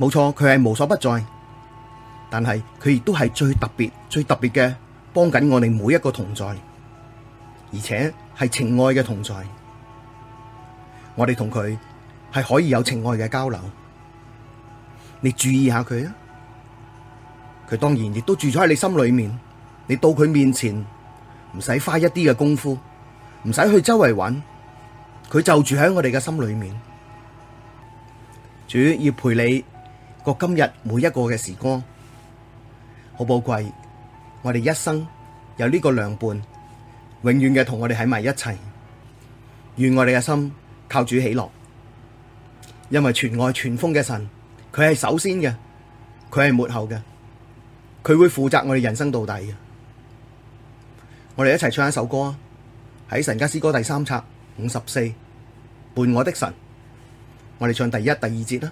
冇錯，佢係無所不在，但係佢亦都係最特別、最特別嘅，幫緊我哋每一個同在，而且係情愛嘅同在。我哋同佢係可以有情愛嘅交流。你注意下佢吖，佢當然亦都住咗喺你心裏面。你到佢面前，唔使花一啲嘅功夫，唔使去周圍揾，佢就住喺我哋嘅心裏面。主要陪你。過今日每一個嘅時光好寶貴，我哋一生有呢個良伴，永遠嘅同我哋喺埋一齊。願我哋嘅心靠主喜樂，因為全愛全豐嘅神，佢係首先嘅，佢係末後嘅，佢會負責我哋人生到底嘅。我哋一齊唱一首歌啊！喺《神家詩歌》第三冊五十四，《伴我的神》，我哋唱第一、第二節啦。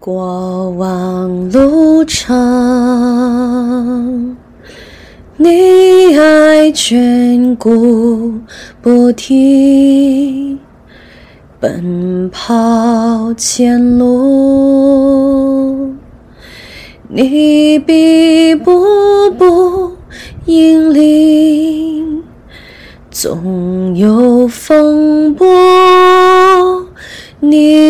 過往路程，你愛眷顧不停，奔跑前路，你必步步引領，縱有風波，你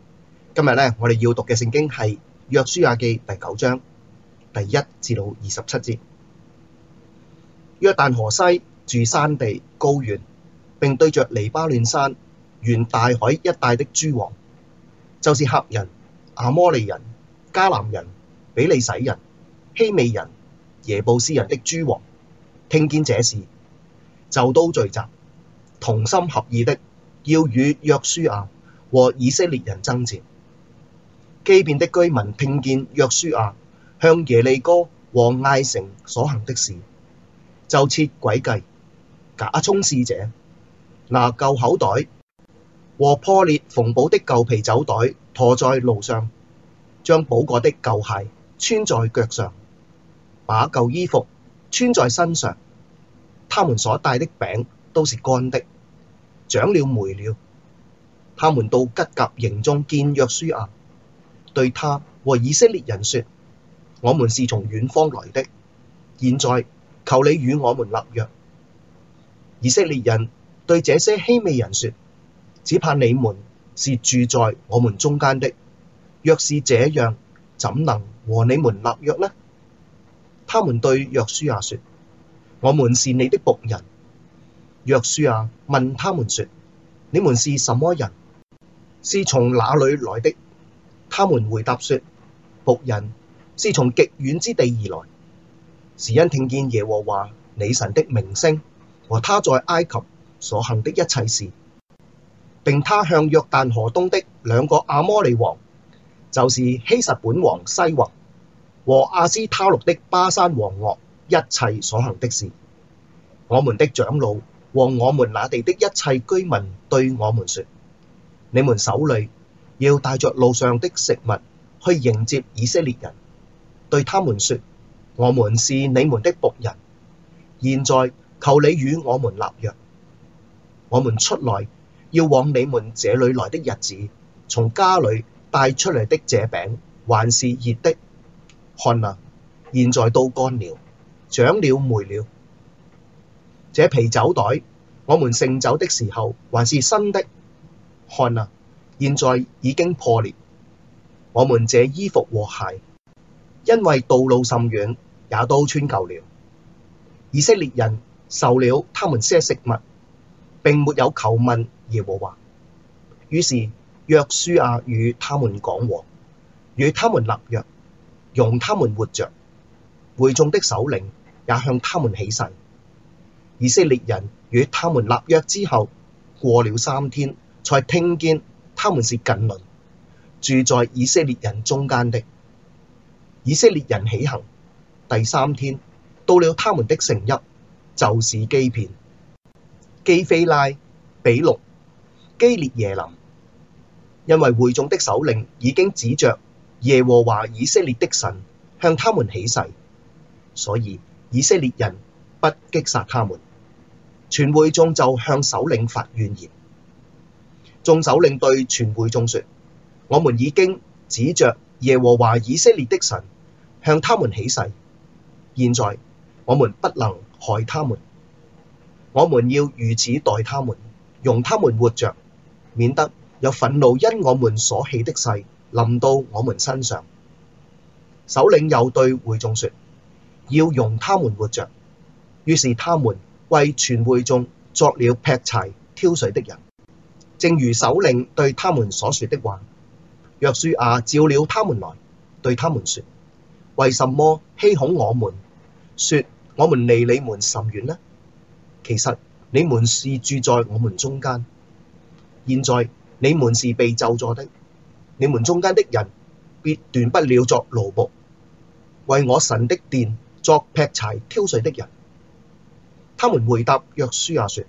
今日咧，我哋要讀嘅聖經係《約書亞記》第九章第一至到二十七節。約但河西，住山地、高原，並對着利巴嫩山、沿大海一帶的諸王，就是赫人、阿摩利人、迦南人、比利洗人、希未人、耶布斯人的諸王，聽見這事，就都聚集，同心合意的要與約書亞和以色列人爭戰。基遍的居民聽見約書亞，向耶利哥和艾城所行的事，就設詭計，假充使者，拿舊口袋，和破裂縫補的舊皮酒袋馱在路上，將補過的舊鞋穿在腳上，把舊衣服穿在身上。他們所帶的餅都是乾的，長了霉了，他們到吉甲營中見約書亞，對他和以色列人說：我們是從遠方來的，現在求你與我們立約。以色列人對這些希未人說：只怕你們是住在我們中間的，若是這樣，怎能和你們立約呢？他們對約書亞說：我們是你的僕人。約書亞問他們說：你們是什麼人？是從哪裡來的？他們回答說：僕人是從極遠之地而來，是因聽見耶和華你神的名聲和他在埃及所行的一切事，並他向約旦河東的兩個阿摩利王，就是希實本王西或和亞斯他錄的巴山王惡一切所行的事。我們的長老和我們那地的一切居民對我們說：你們手律，要帶着路上的食物去迎接以色列人，對他們說：我們是你們的僕人，現在求你與我們立約。我們出來要往你們這裏來的日子，從家裏帶出嚟的這餅還是熱的，看啦、啊，現在都乾了，長了霉了。這皮酒袋，我們盛酒的時候還是新的，看啦、啊。現在已經破裂。我們這衣服和鞋，因為道路甚遠，也都穿舊了。以色列人受了他們些食物，並沒有求問耶和華。於是約書亞與他們講和，與他們立約，容他們活着。會眾的首領也向他們起誓。以色列人與他們立約之後，過了三天，才聽見。他們是近鄰，住在以色列人中間的。以色列人起行，第三天到了他們的城邑，就是基遍、基非拉、比錄、基列耶琳，因為會眾的首領已經指着耶和華以色列的神向他們起誓，所以以色列人不擊殺他們。全會眾就向首領發怨言。眾首領對全會眾說：我們已經指着耶和華以色列的神向他們起誓，現在我們不能害他們，我們要如此待他們，容他們活着，免得有憤怒因我們所起的誓臨到我們身上。首領又對會眾說：要容他們活着。於是他們為全會眾作了劈柴、挑水的人。正如首領對他們所說的話，約書亞、啊、召了他們來，對他們說：為什麼欺哄我們？說我們離你們甚遠呢？其實你們是住在我們中間。現在你們是被咒詛的，你們中間的人必斷不了作奴僕，為我神的殿作劈柴挑水的人。他們回答約書亞、啊、說。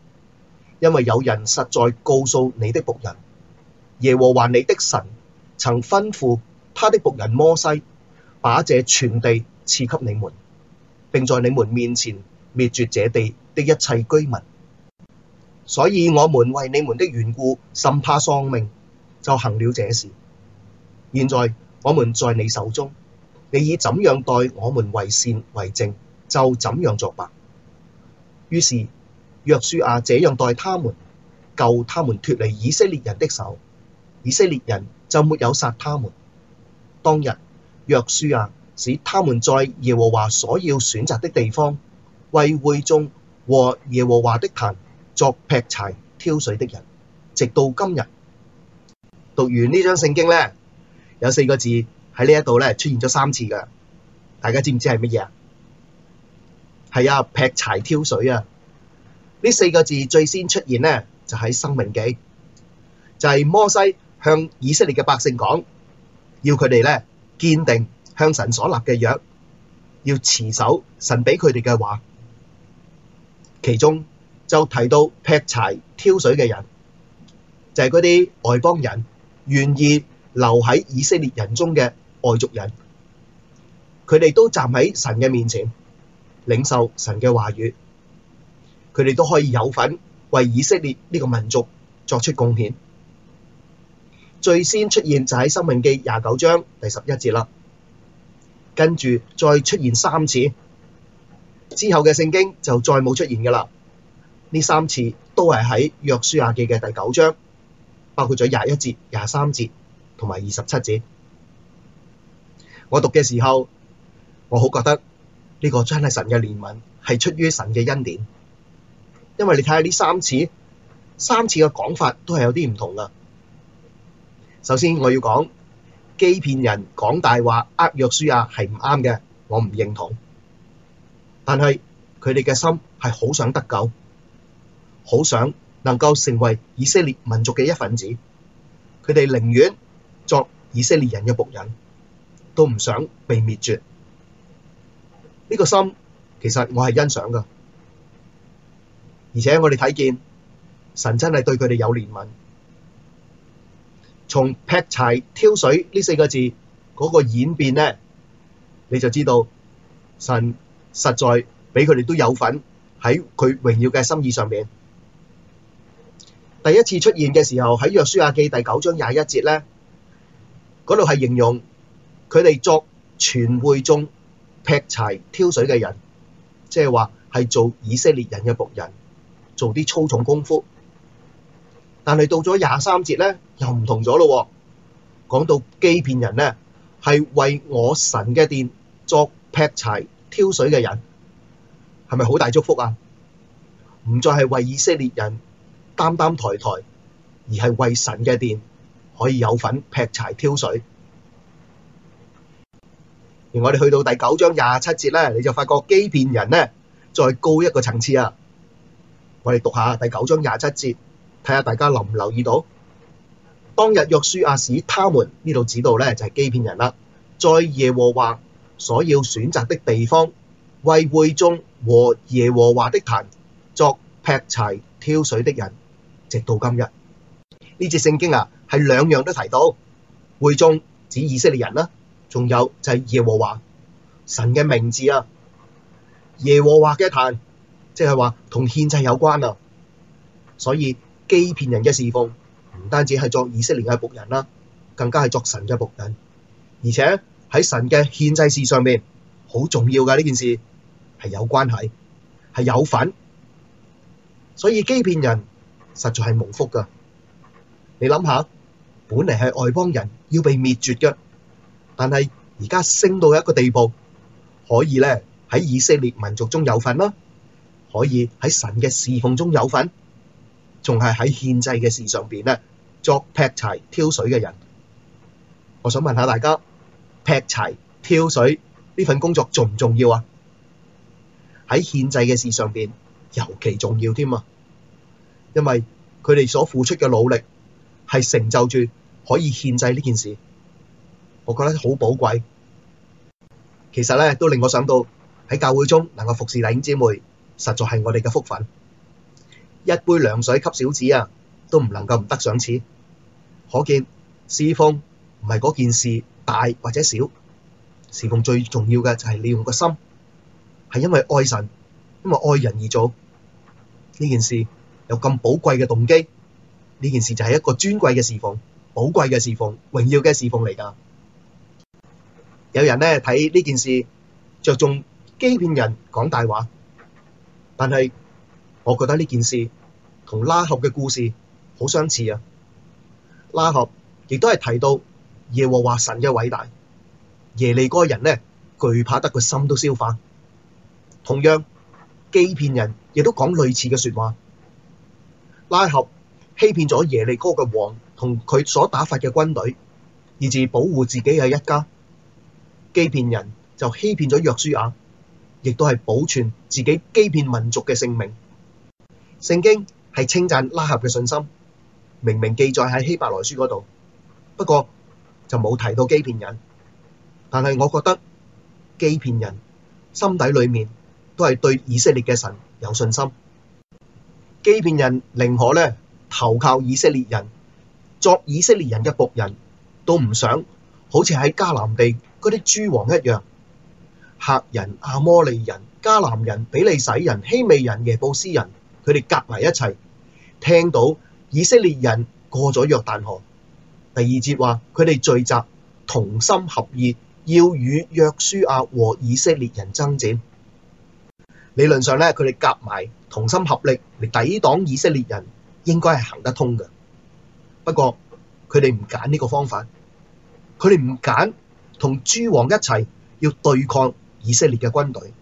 因為有人實在告訴你的僕人，耶和華你的神曾吩咐他的僕人摩西，把這全地賜給你們，並在你們面前滅絕這地的一切居民。所以我們為你們的緣故，甚怕喪命，就行了這事。現在我們在你手中，你以怎樣待我們為善為正，就怎樣作吧。於是。約書亞這樣待他們，救他們脫離以色列人的手，以色列人就沒有殺他們。當日約書亞使他們在耶和華所要選擇的地方，為會眾和耶和華的壇作劈柴挑水的人，直到今日。讀完呢章聖經呢，有四個字喺呢一度咧出現咗三次噶，大家知唔知係乜嘢啊？係啊，劈柴挑水啊！呢四個字最先出現呢，就喺、是《申命記》，就係、是、摩西向以色列嘅百姓講，要佢哋呢，堅定向神所立嘅約，要持守神俾佢哋嘅話。其中就提到劈柴挑水嘅人，就係嗰啲外邦人，願意留喺以色列人中嘅外族人，佢哋都站喺神嘅面前，領受神嘅話語。佢哋都可以有份為以色列呢個民族作出貢獻。最先出現就喺《申命記》廿九章第十一節啦，跟住再出現三次之後嘅聖經就再冇出現㗎喇。呢三次都係喺《約書亞記》嘅第九章，包括咗廿一節、廿三節同埋二十七節。我讀嘅時候，我好覺得呢個真係神嘅憐憫，係出於神嘅恩典。因為你睇下呢三次，三次嘅講法都係有啲唔同噶。首先我要講，欺騙人講大話、呃約書亞係唔啱嘅，我唔認同。但係佢哋嘅心係好想得救，好想能夠成為以色列民族嘅一份子。佢哋寧願作以色列人嘅僕人，都唔想被滅絕。呢個心其實我係欣賞噶。而且我哋睇見神真係對佢哋有憐憫，從劈柴挑水呢四個字嗰個演變呢，你就知道神實在俾佢哋都有份喺佢榮耀嘅心意上面。第一次出現嘅時候喺《約書亞記》第九章廿一節呢，嗰度係形容佢哋作全會眾劈柴挑水嘅人，即係話係做以色列人嘅僕人。做啲粗重功夫，但係到咗廿三節咧，又唔同咗咯。講到基遍人咧，係為我神嘅殿作劈柴挑水嘅人，係咪好大祝福啊？唔再係為以色列人擔擔抬抬，而係為神嘅殿可以有份劈柴挑水。而我哋去到第九章廿七節咧，你就發覺基遍人咧，再高一個層次啊！我哋讀下第九章廿七節，睇下大家留唔留意到，當日約書亞、啊、使他們呢度指導咧就係欺騙人啦，在耶和華所要選擇的地方，為會眾和耶和華的壇作劈柴挑水的人，直到今日。呢節聖經啊，係兩樣都提到，會眾指以色列人啦，仲有就係耶和華神嘅名字啊，耶和華嘅壇。即係話同獻祭有關啊，所以基遍人嘅侍奉唔單止係作以色列嘅僕人啦，更加係作神嘅僕人，而且喺神嘅獻祭事上面好重要嘅呢件事係有關係，係有份，所以基遍人實在係無福噶。你諗下，本嚟係外邦人要被滅絕嘅，但係而家升到一個地步，可以咧喺以色列民族中有份啦、啊。可以喺神嘅侍奉中有份，仲係喺獻祭嘅事上邊咧作劈柴挑水嘅人。我想問下大家，劈柴挑水呢份工作重唔重要啊？喺獻祭嘅事上邊尤其重要添啊，因為佢哋所付出嘅努力係成就住可以獻祭呢件事，我覺得好寶貴。其實咧都令我想到喺教會中能夠服侍弟兄姊妹。實在係我哋嘅福分，一杯涼水給小子啊，都唔能夠唔得賞賜，可見侍奉唔係嗰件事大或者小，侍奉最重要嘅就係利用個心，係因為愛神，因為愛人而做呢件事有寶貴。有咁寶貴嘅動機，呢件事就係一個尊貴嘅侍奉，寶貴嘅侍奉，榮耀嘅侍奉嚟噶。有人呢，睇呢件事着重欺騙人講大話。但係，我覺得呢件事同拉合嘅故事好相似啊！拉合亦都係提到耶和華神嘅偉大，耶利哥人呢，懼怕得個心都消化。同樣，基遍人亦都講類似嘅說話。拉合欺騙咗耶利哥嘅王同佢所打發嘅軍隊，以至保護自己嘅一家。基遍人就欺騙咗約書亞。亦都係保存自己基遍民族嘅性命。聖經係稱讚拉合嘅信心，明明記載喺希伯來書嗰度，不過就冇提到基遍人。但係我覺得基遍人心底裏面都係對以色列嘅神有信心。基遍人寧可咧投靠以色列人，作以色列人嘅僕人，都唔想好似喺迦南地嗰啲諸王一樣。赫人、亞摩利人、迦南人、比利洗人、希未人、耶布斯人，佢哋夾埋一齊，聽到以色列人過咗約旦河。第二節話佢哋聚集同心合意，要與約書亞和以色列人爭戰。理論上咧，佢哋夾埋同心合力嚟,抵擋以色列人，應該係行得通嘅。不過佢哋唔揀呢個方法，佢哋唔揀同諸王一齊要對抗。以色列嘅軍隊，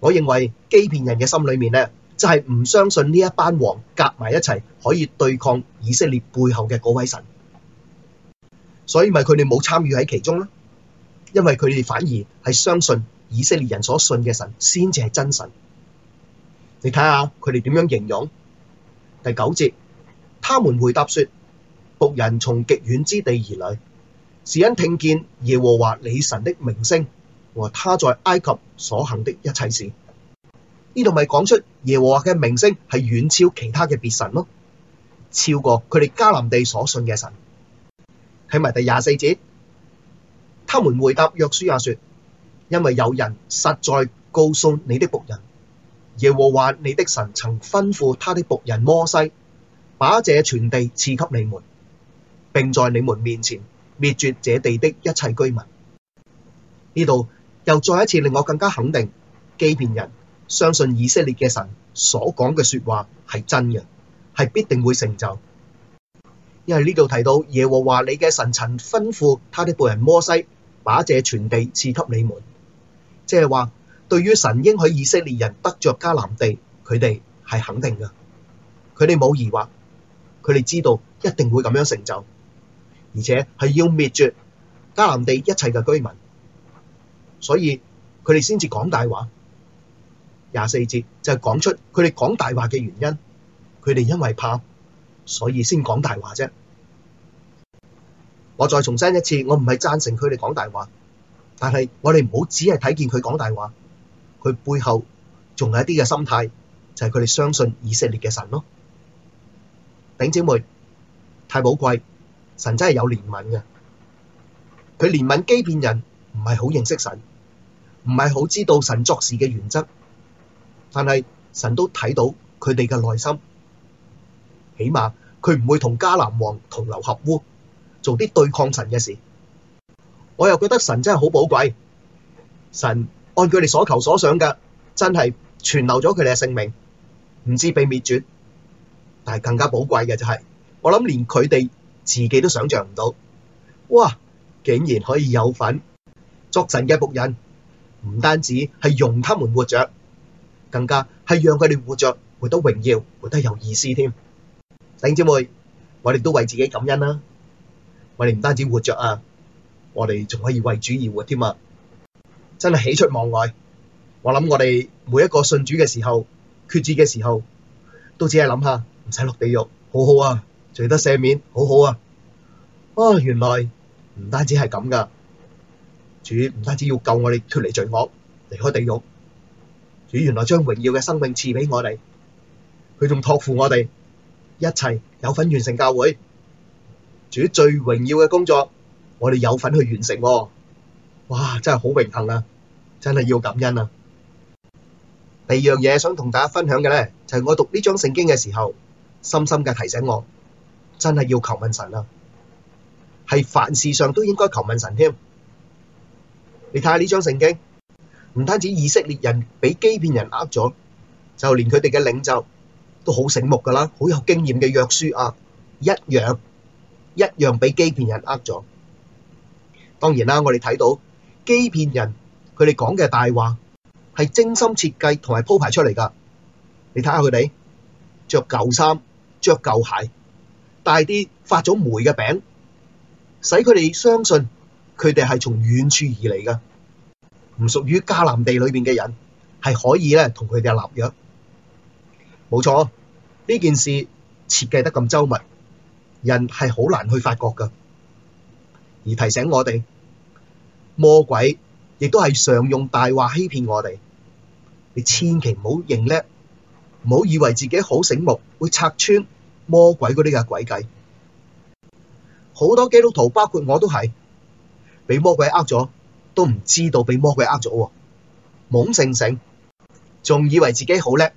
我認為欺騙人嘅心裏面呢，就係、是、唔相信呢一班王夾埋一齊可以對抗以色列背後嘅嗰位神，所以咪佢哋冇參與喺其中咯，因為佢哋反而係相信以色列人所信嘅神先至係真神。你睇下佢哋點樣形容？第九節，他們回答說：僕人從極遠之地而來，是因聽見耶和華你神的名聲。和他在埃及所行的一切事，呢度咪講出耶和華嘅名聲係遠超其他嘅別神咯，超過佢哋迦南地所信嘅神。睇埋第廿四節，他們回答約書亞說：因為有人實在告訴你的僕人，耶和華你的神曾吩咐他的僕人摩西，把這全地賜給你們，並在你們面前滅絕這地的一切居民。呢度。又再一次令我更加肯定，基遍人相信以色列嘅神所講嘅說話係真嘅，係必定會成就。因為呢度提到耶和華你嘅神曾吩咐他的僕人摩西，把這全地賜給你們，即係話對於神應許以色列人得着迦南地，佢哋係肯定嘅，佢哋冇疑惑，佢哋知道一定會咁樣成就，而且係要滅絕迦南地一切嘅居民。所以佢哋先至講大話。廿四節就係講出佢哋講大話嘅原因，佢哋因為怕，所以先講大話啫。我再重申一次，我唔係贊成佢哋講大話，但係我哋唔好只係睇見佢講大話，佢背後仲有一啲嘅心態，就係佢哋相信以色列嘅神咯。頂姐妹太寶貴，神真係有憐憫嘅，佢憐憫欺騙人，唔係好認識神。唔係好知道神作事嘅原則，但係神都睇到佢哋嘅內心，起碼佢唔會同迦南王同流合污，做啲對抗神嘅事。我又覺得神真係好寶貴，神按佢哋所求所想嘅，真係存留咗佢哋嘅性命，唔至被滅絕。但係更加寶貴嘅就係、是，我諗連佢哋自己都想象唔到，哇！竟然可以有份作神嘅僕人。唔單止係容他們活着，更加係讓佢哋活着活得榮耀，活得有意思添。弟兄姐妹，我哋都為自己感恩啦。我哋唔單止活着啊，我哋仲可以為主而活添啊！真係喜出望外。我諗我哋每一個信主嘅時候、決志嘅時候，都只係諗下，唔使落地獄，好好啊，罪得赦免，好好啊。啊、哦，原來唔單止係咁噶。主唔單止要救我哋脱離罪惡、離開地獄，主原來將榮耀嘅生命賜俾我哋，佢仲託付我哋一切有份完成教會，主最榮耀嘅工作，我哋有份去完成，哇！真係好榮幸啊，真係要感恩啊！第二樣嘢想同大家分享嘅咧，就係我讀呢章聖經嘅時候，深深嘅提醒我，真係要求問神啊，係凡事上都應該求問神添。你睇下呢張聖經，唔單止以色列人俾基遍人呃咗，就連佢哋嘅領袖都好醒目噶啦，好有經驗嘅約書亞，一樣一樣俾基遍人呃咗。當然啦，我哋睇到基遍人佢哋講嘅大話係精心設計同埋鋪排出嚟噶。你睇下佢哋着舊衫、着舊鞋、帶啲發咗霉嘅餅，使佢哋相信。佢哋係從遠處而嚟嘅，唔屬於迦南地裏面嘅人，係可以咧同佢哋立約。冇錯，呢件事設計得咁周密，人係好難去發覺㗎。而提醒我哋，魔鬼亦都係常用大話欺騙我哋。你千祈唔好認叻，唔好以為自己好醒目，會拆穿魔鬼嗰啲嘅詭計。好多基督徒，包括我都係。俾魔鬼呃咗，都唔知道俾魔鬼呃咗，懵盛盛，仲以為自己好叻，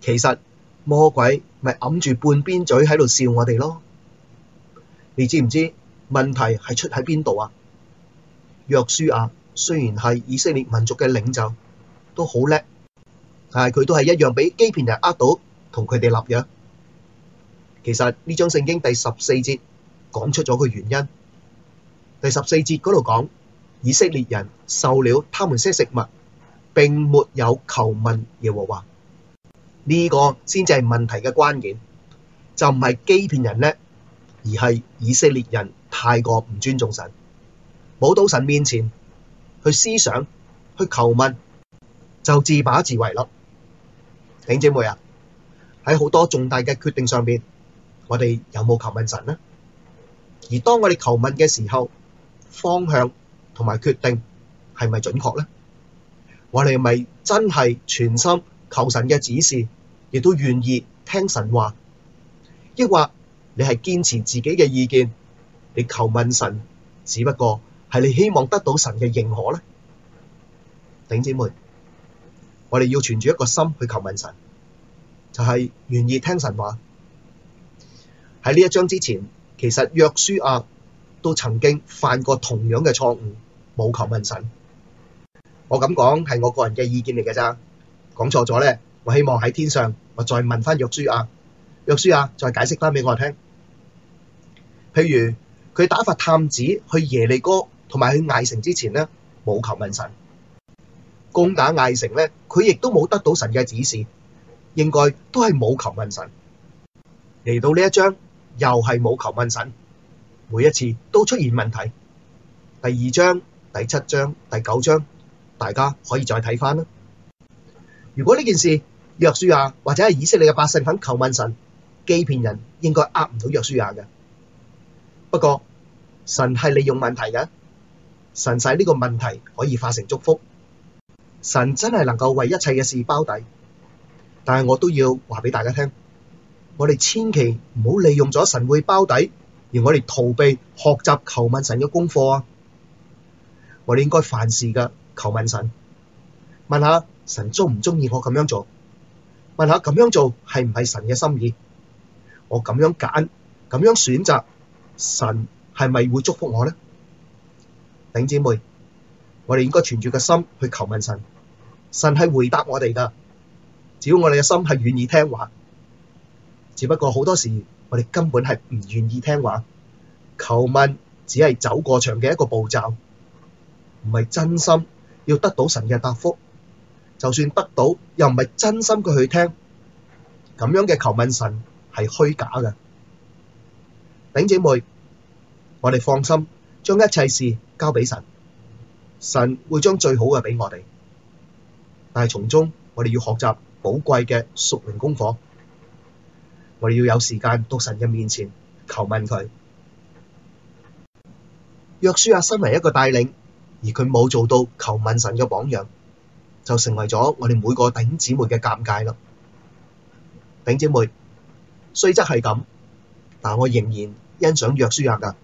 其實魔鬼咪揞住半邊嘴喺度笑我哋咯。你知唔知問題係出喺邊度啊？約書亞雖然係以色列民族嘅領袖，都好叻，但係佢都係一樣俾基遍人呃到同佢哋立約。其實呢張聖經第十四節講出咗個原因。第十四節嗰度講，以色列人受了他們些食物，并沒有求問耶和華。呢個先至係問題嘅關鍵，就唔係欺騙人呢，而係以色列人太過唔尊重神，冇到神面前去思想、去求問，就自把自為咯。弟兄姊妹啊，喺好多重大嘅決定上面，我哋有冇求問神呢？而當我哋求問嘅時候，方向同埋決定係咪準確呢？我哋係咪真係全心求神嘅指示，亦都願意聽神話，抑或你係堅持自己嘅意見？你求問神，只不過係你希望得到神嘅認可呢？弟兄姐妹，我哋要存住一個心去求問神，就係、是、願意聽神話。喺呢一章之前，其實約書亞，都曾經犯過同樣嘅錯誤，冇求問神。我咁講係我個人嘅意見嚟嘅咋，講錯咗呢？我希望喺天上我再問翻約書亞，約書亞再解釋翻俾我聽。譬如佢打發探子去耶利哥同埋去艾城之前呢，冇求問神。攻打艾城呢，佢亦都冇得到神嘅指示，應該都係冇求問神。嚟到呢一章又係冇求問神。每一次都出現問題，第二章、第七章、第九章，大家可以再睇返啦。如果呢件事約書亞或者係以色列嘅百姓肯求問神，基遍人應該呃唔到約書亞嘅。不過神係利用問題嘅，神使呢個問題可以化成祝福。神真係能夠為一切嘅事包底，但係我都要話俾大家聽，我哋千祈唔好利用咗神會包底。而我哋逃避學習求問神嘅功課啊！我哋應該凡事噶求問神，問下神鍾唔鍾意我咁樣做？問下咁樣做係唔係神嘅心意？我咁樣揀，咁樣選擇，神係咪會祝福我咧？弟姊妹，我哋應該存住個心去求問神，神係回答我哋噶。只要我哋嘅心係願意聽話，只不過好多時。我哋根本係唔願意聽話，求問只係走過場嘅一個步驟，唔係真心要得到神嘅答覆。就算得到，又唔係真心嘅去聽，咁樣嘅求問神係虛假嘅。頂姐妹，我哋放心，將一切事交俾神，神會將最好嘅俾我哋。但係從中，我哋要學習寶貴嘅屬靈功課。我哋要有時間到神嘅面前求問佢。約書亞身為一個帶領，而佢冇做到求問神嘅榜樣，就成為咗我哋每個頂姊妹嘅尷尬啦。頂姊妹，雖則係咁，但我仍然欣賞約書亞噶。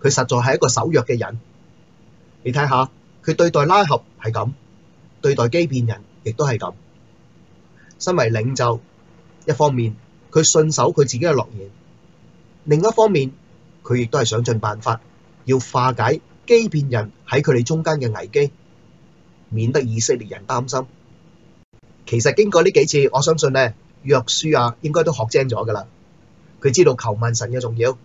佢實在係一個守約嘅人。你睇下，佢對待拉合係咁，對待基遍人亦都係咁。身為領袖。一方面佢信守佢自己嘅諾言，另一方面佢亦都係想盡辦法要化解基遍人喺佢哋中間嘅危機，免得以色列人擔心。其實經過呢幾次，我相信咧，約書亞應該都學精咗噶啦。佢知道求問神嘅重要。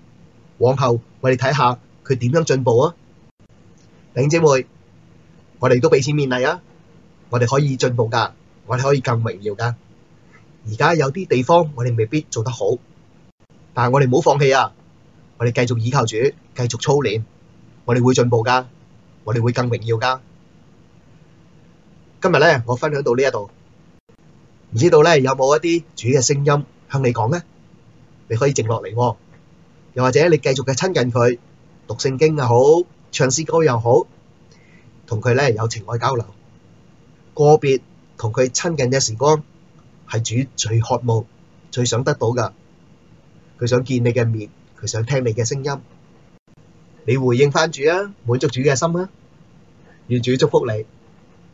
往後我哋睇下佢點樣進步啊，領姊妹，我哋都俾錢勉勵啊，我哋可以進步噶，我哋可以更明了噶。而家有啲地方我哋未必做得好，但係我哋唔好放棄啊！我哋繼續倚靠主，繼續操練，我哋會進步㗎，我哋會更榮耀㗎。今日咧，我分享到呢一度，唔知道咧有冇一啲主嘅聲音向你講咧？你可以靜落嚟，又或者你繼續嘅親近佢，讀聖經又好，唱詩歌又好，同佢咧有情愛交流，個別同佢親近嘅時光。係主最渴望、最想得到㗎，佢想見你嘅面，佢想聽你嘅聲音，你回應返主啊，滿足主嘅心啊，願主祝福你。